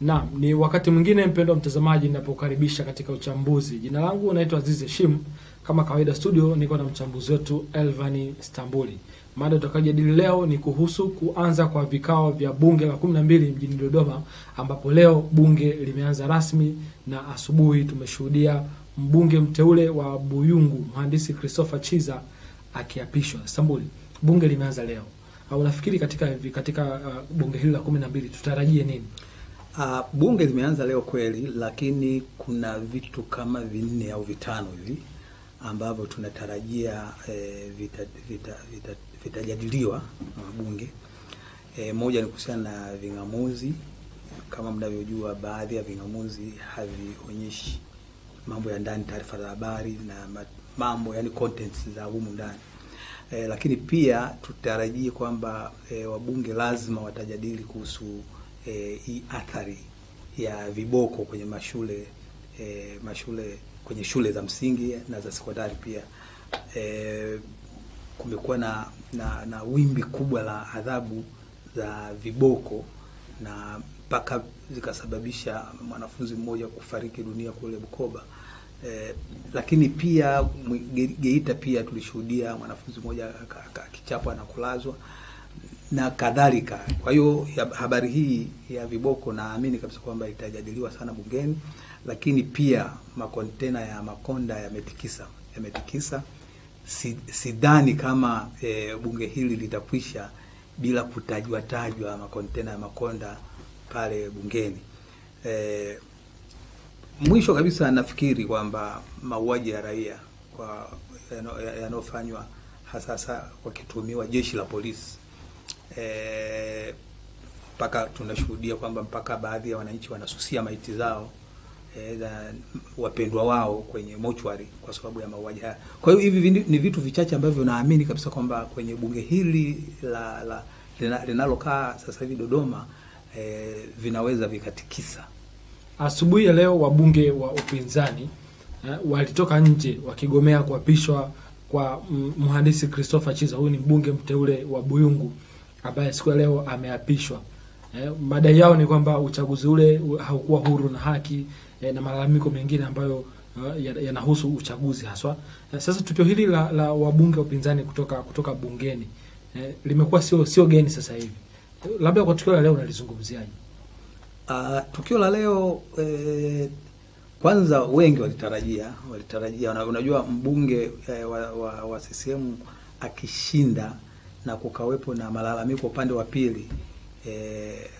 Naam, ni wakati mwingine mpendwa mtazamaji, ninapokaribisha katika uchambuzi. Jina langu naitwa Azizi Shim. kama kawaida studio niko na mchambuzi wetu Elvani Stambuli. Mada tutakayojadili leo ni kuhusu kuanza kwa vikao vya bunge la 12 mjini Dodoma, ambapo leo bunge limeanza rasmi na asubuhi tumeshuhudia mbunge mteule wa Buyungu mhandisi Christopher Chiza akiapishwa. Stambuli, bunge limeanza leo, unafikiri katika katika uh, bunge hili la 12 tutarajie nini? Uh, bunge limeanza leo kweli, lakini kuna vitu kama vinne au vitano hivi ambavyo tunatarajia eh, vitajadiliwa vita, vita, vita na bunge eh, moja ni kuhusiana na ving'amuzi. Kama mnavyojua, baadhi ya ving'amuzi havionyeshi mambo ya ndani, taarifa za habari na mambo yani contents za humu ndani eh, lakini pia tutarajie kwamba eh, wabunge lazima watajadili kuhusu e, hii athari ya viboko kwenye mashule e, mashule kwenye shule za msingi na za sekondari pia e, kumekuwa na, na na wimbi kubwa la adhabu za viboko na mpaka zikasababisha mwanafunzi mmoja kufariki dunia kule Bukoba. E, lakini pia Geita pia tulishuhudia mwanafunzi mmoja akichapwa na kulazwa na kadhalika. Kwa hiyo habari hii ya viboko naamini kabisa kwamba itajadiliwa sana bungeni, lakini pia makontena ya Makonda yametikisa yametikisa. Sidhani kama e, bunge hili litakwisha bila kutajwa tajwa makontena ya Makonda pale bungeni. E, mwisho kabisa nafikiri kwamba mauaji ya raia kwa yanayofanywa hasa hasa wakitumiwa jeshi la polisi Eh, mpaka e, tunashuhudia kwamba mpaka baadhi ya wananchi wanasusia maiti zao e, za wapendwa wao kwenye mochwari kwa sababu ya mauaji haya. Kwa hiyo hivi ni vitu vichache ambavyo naamini kabisa kwamba kwenye bunge hili la, la linalokaa sasa hivi Dodoma e, vinaweza vikatikisa. Asubuhi ya leo wabunge wa upinzani eh, walitoka nje wakigomea kuapishwa kwa, kwa mhandisi Christopher Chiza. Huyu ni mbunge mteule wa Buyungu ambaye siku ya leo ameapishwa. Eh, madai yao ni kwamba uchaguzi ule haukuwa huru na haki eh, na malalamiko mengine ambayo uh, yanahusu uchaguzi haswa. Eh, sasa tukio hili la, la wabunge wa upinzani kutoka kutoka bungeni eh, limekuwa sio sio geni sasa hivi. labda kwa tukio la leo unalizungumziaje? Uh, tukio la leo eh, kwanza wengi walitarajia walitarajia, unajua mbunge eh, wa, wa, wa CCM akishinda na kukawepo na malalamiko upande wa pili eh,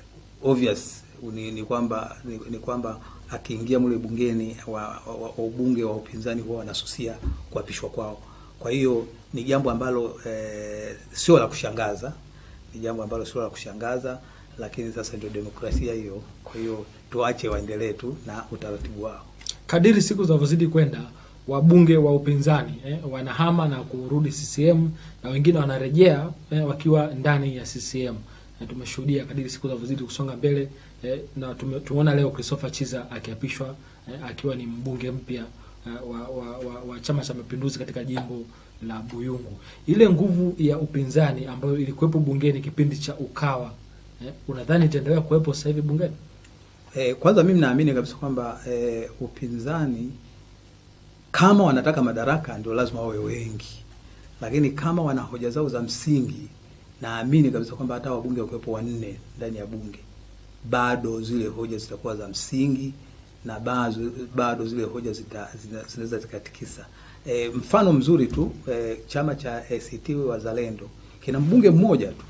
obvious ni, ni kwamba ni, ni kwamba akiingia mule bungeni wa, wa, wa ubunge wa upinzani huwa wanasusia kuapishwa kwao. Kwa hiyo ni jambo ambalo eh, sio la kushangaza, ni jambo ambalo sio la kushangaza, lakini sasa ndio demokrasia hiyo. Kwa hiyo tuache waendelee tu na utaratibu wao kadiri siku zinavyozidi kwenda wabunge wa upinzani eh, wanahama na kurudi CCM na wengine wanarejea eh, wakiwa ndani ya CCM na tumeshuhudia kadiri siku zinavyozidi kusonga mbele eh, na tumeona leo Christopher Chiza akiapishwa eh, akiwa ni mbunge mpya eh, wa, wa, wa, wa Chama cha Mapinduzi katika jimbo la Buyungu. Ile nguvu ya upinzani ambayo ilikuwepo bungeni kipindi cha Ukawa eh, unadhani itaendelea kuwepo sasa hivi bungeni? Eh, kwanza mimi naamini kabisa kwamba eh, upinzani kama wanataka madaraka ndio lazima wawe wengi, lakini kama wana hoja zao za msingi, naamini kabisa kwamba hata wabunge wakiwepo wanne ndani ya bunge bado zile hoja zitakuwa za msingi na bazo, bado zile hoja zinaweza zikatikisa. E, mfano mzuri tu e, chama cha ACT Wazalendo kina mbunge mmoja tu,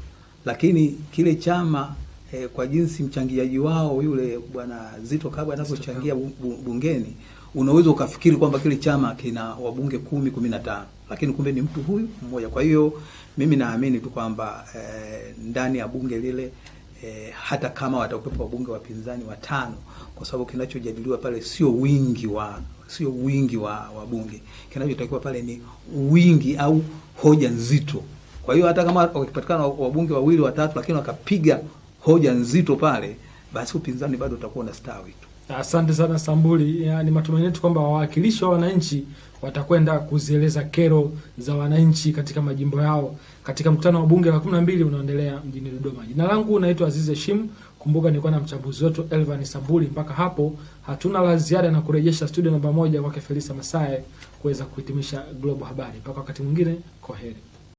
lakini kile chama e, kwa jinsi mchangiaji wao yule bwana Zito Kabwe anavyochangia bungeni unaweza ukafikiri kwamba kile chama kina wabunge kumi, kumi na tano, lakini kumbe ni mtu huyu mmoja. Kwa hiyo mimi naamini tu kwamba e, ndani ya bunge lile e, hata kama watakuwepo wabunge wapinzani watano, kwa sababu kinachojadiliwa pale sio wingi wa sio wingi wa wabunge, kinachotakiwa pale ni wingi au hoja nzito. Kwa hiyo hata kama wakipatikana wabunge wawili watatu, lakini wakapiga hoja nzito pale, basi upinzani bado utakuwa unastawi tu. Asante sana Sambuli. Ya, ni matumaini yetu kwamba wawakilishi wa wananchi watakwenda kuzieleza kero za wananchi katika majimbo yao katika mkutano wa bunge la kumi na mbili unaoendelea mjini Dodoma. Jina langu naitwa Aziz Hashim. Kumbuka nilikuwa na mchambuzi wetu Elvan Sambuli. Mpaka hapo hatuna la ziada na kurejesha studio namba moja kwake Felisa Masae kuweza kuhitimisha Global Habari. Mpaka wakati mwingine, kwaheri.